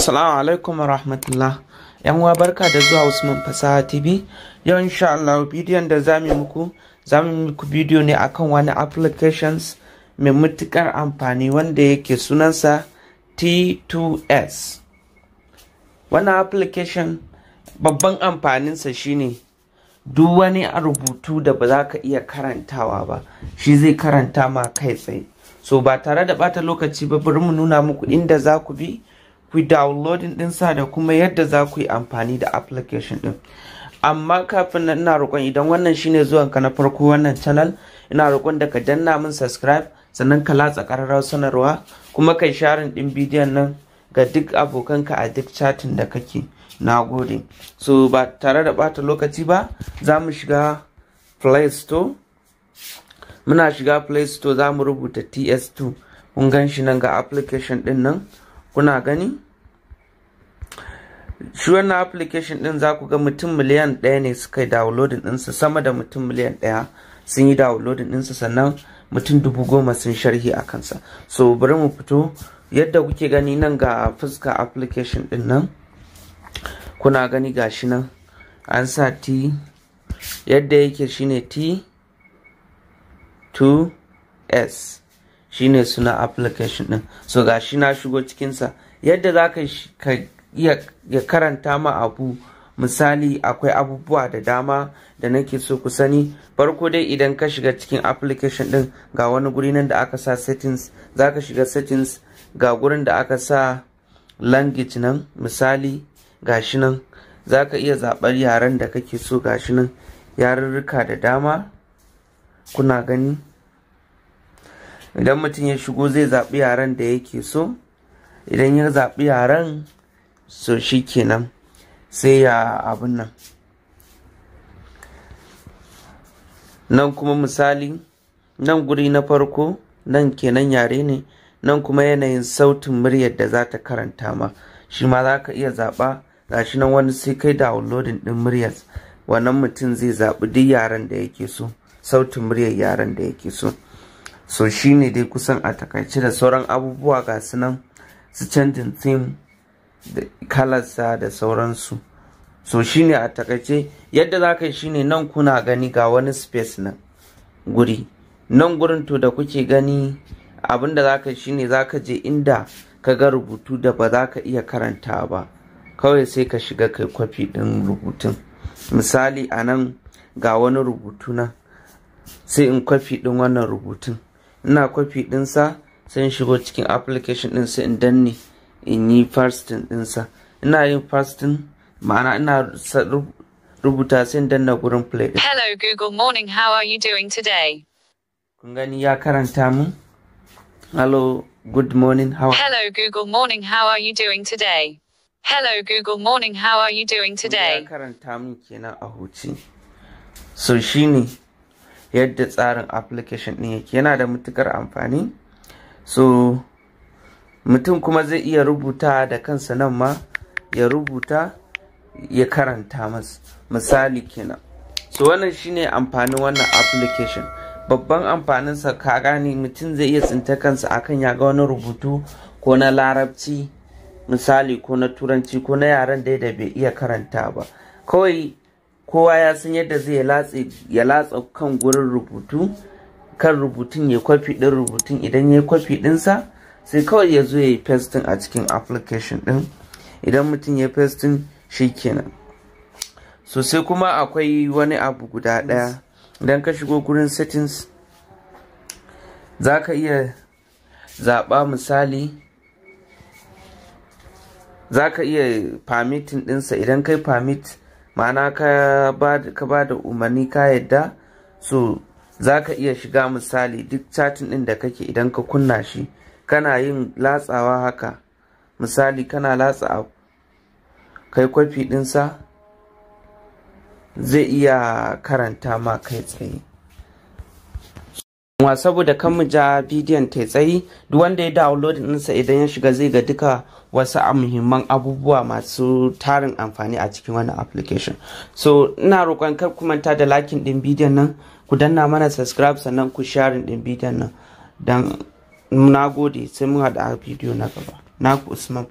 Assalamu alaikum wa rahmatullah. ‘Yan uwa barka da zuwa Usman Fasaha TV. Yau insha Allah bidiyon da za mu muku, za mu muku bidiyo ne akan wani applications mai matukar amfani wanda yake sunansa T2S. Wannan application babban amfaninsa shine duk wani rubutu da ba za ka iya karantawa ba, shi zai karanta ma kai tsaye. So ba tare da bata lokaci ba bari mu nuna muku inda za ku bi. ku downloading sa da kuma yadda za ku yi amfani da application ɗin amma kafin nan ina roƙon idan wannan shine zuwan ka na farko wannan channel ina roƙon da ka danna min subscribe sannan ka latsa ƙararrawar sanarwa kuma kai sharin ɗin bidiyon nan ga duk abokanka a duk chatin da kake na gode so ba tare da bata lokaci ba za mu shiga play store muna shiga play store za mu rubuta ts2 kun gan shi nan ga application ɗin nan kuna gani shi wannan application din za ku ga mutum miliyan ɗaya ne suka yi downloading ɗinsa sama da mutum miliyan ɗaya sun yi downloading ɗinsa sannan mutum dubu goma sun sharhi a kansa so bari mu fito yadda kuke gani nan ga fuska application ɗin nan kuna gani gashi nan an sa t yadda yake shine t 2s shine suna application din so ga shi na shigo cikinsa yadda za ka ya karanta ma abu misali akwai abubuwa da dama da nake so ku sani farko dai idan ka shiga cikin application din ga wani guri nan da aka sa settings za shiga settings ga gurin da aka sa language nan misali gashi nan za iya zabar yaren da kake so gashi nan yarurruka da dama kuna gani idan mutum ya shigo zai zaɓi yaren da yake so idan ya zaɓi yaren so shi kenan sai ya abin nan nan kuma misali nan guri na farko nan kenan yare ne nan kuma yanayin sautin muryar da za ta karanta ma shi ma za ka iya zaɓa gashi nan wani sai kai downloading ɗin muryar wannan mutum zai zaɓi duk yaren da yake so sautin muryar yaren da yake so so shine dai kusan a takaice da sauran abubuwa ga sunan su canjin theme da kalarsa da sauransu so shine a takaice yadda za ka yi shine nan kuna gani ga wani space nan guri nan gurin to da kuke gani abinda za ka yi shine za ka je inda ka ga rubutu da ba za ka iya karanta ba kawai sai ka shiga kai kwafi ɗin rubutun misali a nan ga wani rubutu na, sai in kwafi ɗin wannan rubutun ina kwafi ɗinsa sai in shigo cikin application din sai in danne in yi fasting ɗinsa ina yin fasting ma'ana ina rubuta sai in danna gurin play din hello google morning how are you doing today kun gani ya karanta mun hello good morning how are. hello google morning how are you doing today hello google morning how are you doing today ya karanta mun kenan a huci so shine yadda tsarin application ɗin yake yana da matukar amfani so mutum kuma zai iya rubuta da kansa nan ma ya rubuta ya karanta masu misali kenan so wannan shine amfanin wannan application babban amfaninsa ka gane mutum zai iya tsinta kansa akan ya ga wani rubutu ko na larabci misali ko na turanci ko na yaren da bai iya karanta ba kawai kowa ya san yadda zai ya latsa kan gurin rubutu kan rubutun ya kwafi din rubutun idan ya kwafi ɗinsa sai kawai ya zo ya yi pasting a cikin application din idan mutum ya pasting shi kenan so sai kuma akwai wani abu guda daya idan ka shigo gurin settings za ka iya zaba misali za ka iya permitting ɗinsa idan kai permit ma'ana ka ba da umarni ka yadda so za ka iya shiga misali duk chatin ɗin da kake idan ka kunna shi kana yin latsawa haka misali kana latsa kai kwafi ɗinsa zai iya karanta ma kai tsaye wa saboda kan mu ja bidiyon ta tsayi duk wanda ya download ɗinsa idan ya shiga zai ga duka wasu muhimman abubuwa masu tarin amfani a cikin wannan application so ina roƙon kar ku manta da lakin ɗin bidiyon nan ku danna mana subscribe sannan ku share ɗin bidiyon nan dan na gode sai mun haɗa a bidiyo na gaba na ku usman